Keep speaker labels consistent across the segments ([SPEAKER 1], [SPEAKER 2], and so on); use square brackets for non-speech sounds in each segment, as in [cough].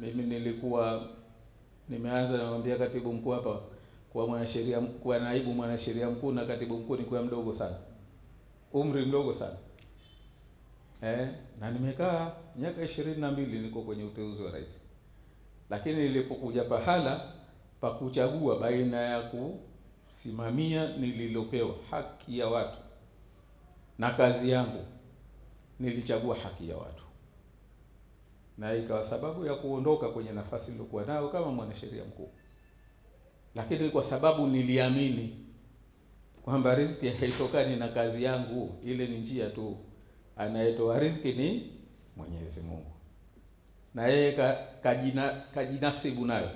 [SPEAKER 1] mimi nilikuwa nimeanza namwambia katibu mkuu hapa kuwa mwanasheria kuwa naibu mwanasheria mkuu na katibu mkuu nikuwa mdogo sana, umri mdogo sana eh, na nimekaa miaka ishirini na mbili niko kwenye uteuzi wa rais, lakini nilipokuja pahala pa kuchagua baina ya kusimamia nililopewa haki ya watu na kazi yangu, nilichagua haki ya watu na ikawa sababu ya kuondoka kwenye nafasi nilikuwa nayo kama mwanasheria mkuu, lakini kwa sababu niliamini kwamba riziki haitokani na kazi yangu, ile ni njia tu, anayetoa riziki ni Mwenyezi Mungu, na yeye kajina, kajinasibu nayo.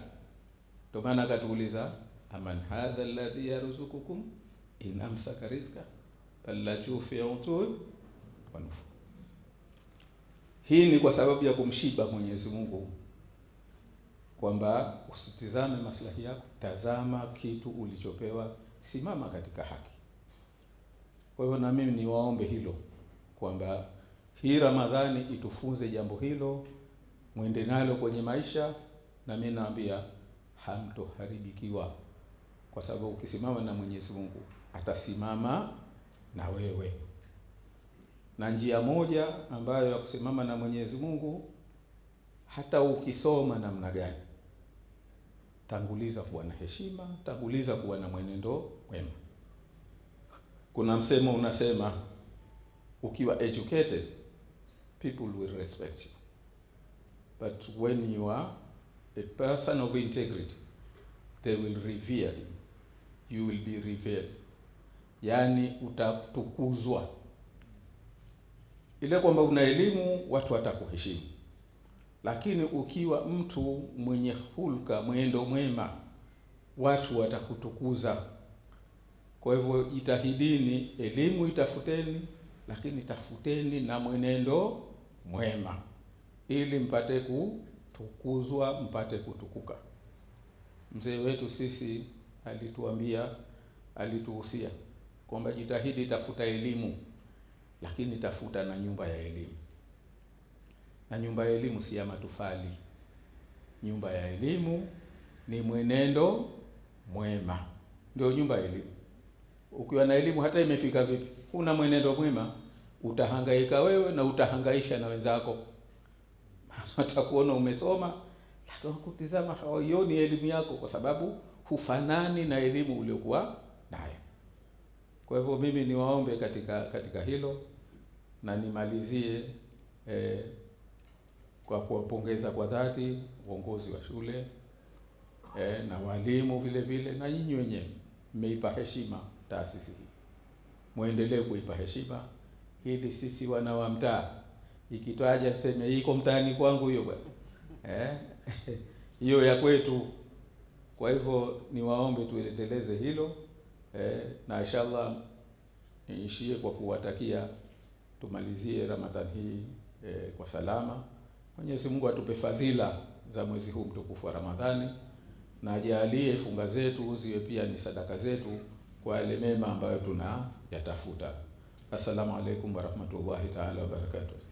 [SPEAKER 1] Ndio maana akatuuliza aman hadha alladhi yarzukukum in amsaka rizqa bal la fi utun hii ni kwa sababu ya kumshiba Mwenyezi Mungu kwamba usitizame maslahi yako, tazama kitu ulichopewa, simama katika haki. Kwa hiyo na mimi niwaombe hilo kwamba hii Ramadhani itufunze jambo hilo, mwende nalo kwenye maisha, na mimi naambia hamtoharibikiwa, kwa sababu ukisimama na Mwenyezi Mungu atasimama na wewe na njia moja ambayo ya kusimama na Mwenyezi Mungu, hata ukisoma namna gani, tanguliza kuwa na heshima, tanguliza kuwa na mwenendo mwema. Kuna msemo unasema, ukiwa educated people will respect you but when you are a person of integrity they will revere you, you will be revered, yani utatukuzwa ile kwamba una elimu watu watakuheshimu, lakini ukiwa mtu mwenye hulka, mwendo mwema, watu watakutukuza. Kwa hivyo jitahidini, elimu itafuteni, lakini tafuteni na mwenendo mwema, ili mpate kutukuzwa, mpate kutukuka. Mzee wetu sisi alituambia, alituhusia kwamba jitahidi, tafuta elimu lakini tafuta na nyumba ya elimu. Na nyumba ya elimu si ya matofali. Nyumba ya elimu ni mwenendo mwema, ndio nyumba ya elimu. Ukiwa na elimu hata imefika vipi, una mwenendo mwema, utahangaika wewe na utahangaisha na wenzako. [laughs] Atakuona umesoma, lakini wakutizama hawaioni elimu yako, kwa sababu hufanani na elimu uliokuwa nayo. Kwa hivyo mimi niwaombe katika katika hilo na nimalizie eh, kwa kuwapongeza kwa dhati uongozi wa shule eh, na walimu vile vile na nyinyi wenyewe mmeipa heshima taasisi hii, muendelee kuipa heshima ili sisi wana wa mtaa ikitwaja tuseme iko mtaani kwangu hiyo bwana eh, [laughs] hiyo ya kwetu. Kwa hivyo niwaombe tuendeleze hilo eh, na inshallah niishie kwa kuwatakia tumalizie Ramadhani hii eh, kwa salama. Mwenyezi Mungu atupe fadhila za mwezi huu mtukufu wa Ramadhani na ajalie funga zetu ziwe pia ni sadaka zetu kwa yale mema ambayo tunayatafuta. Assalamu alaikum warahmatullahi taala wabarakatuh.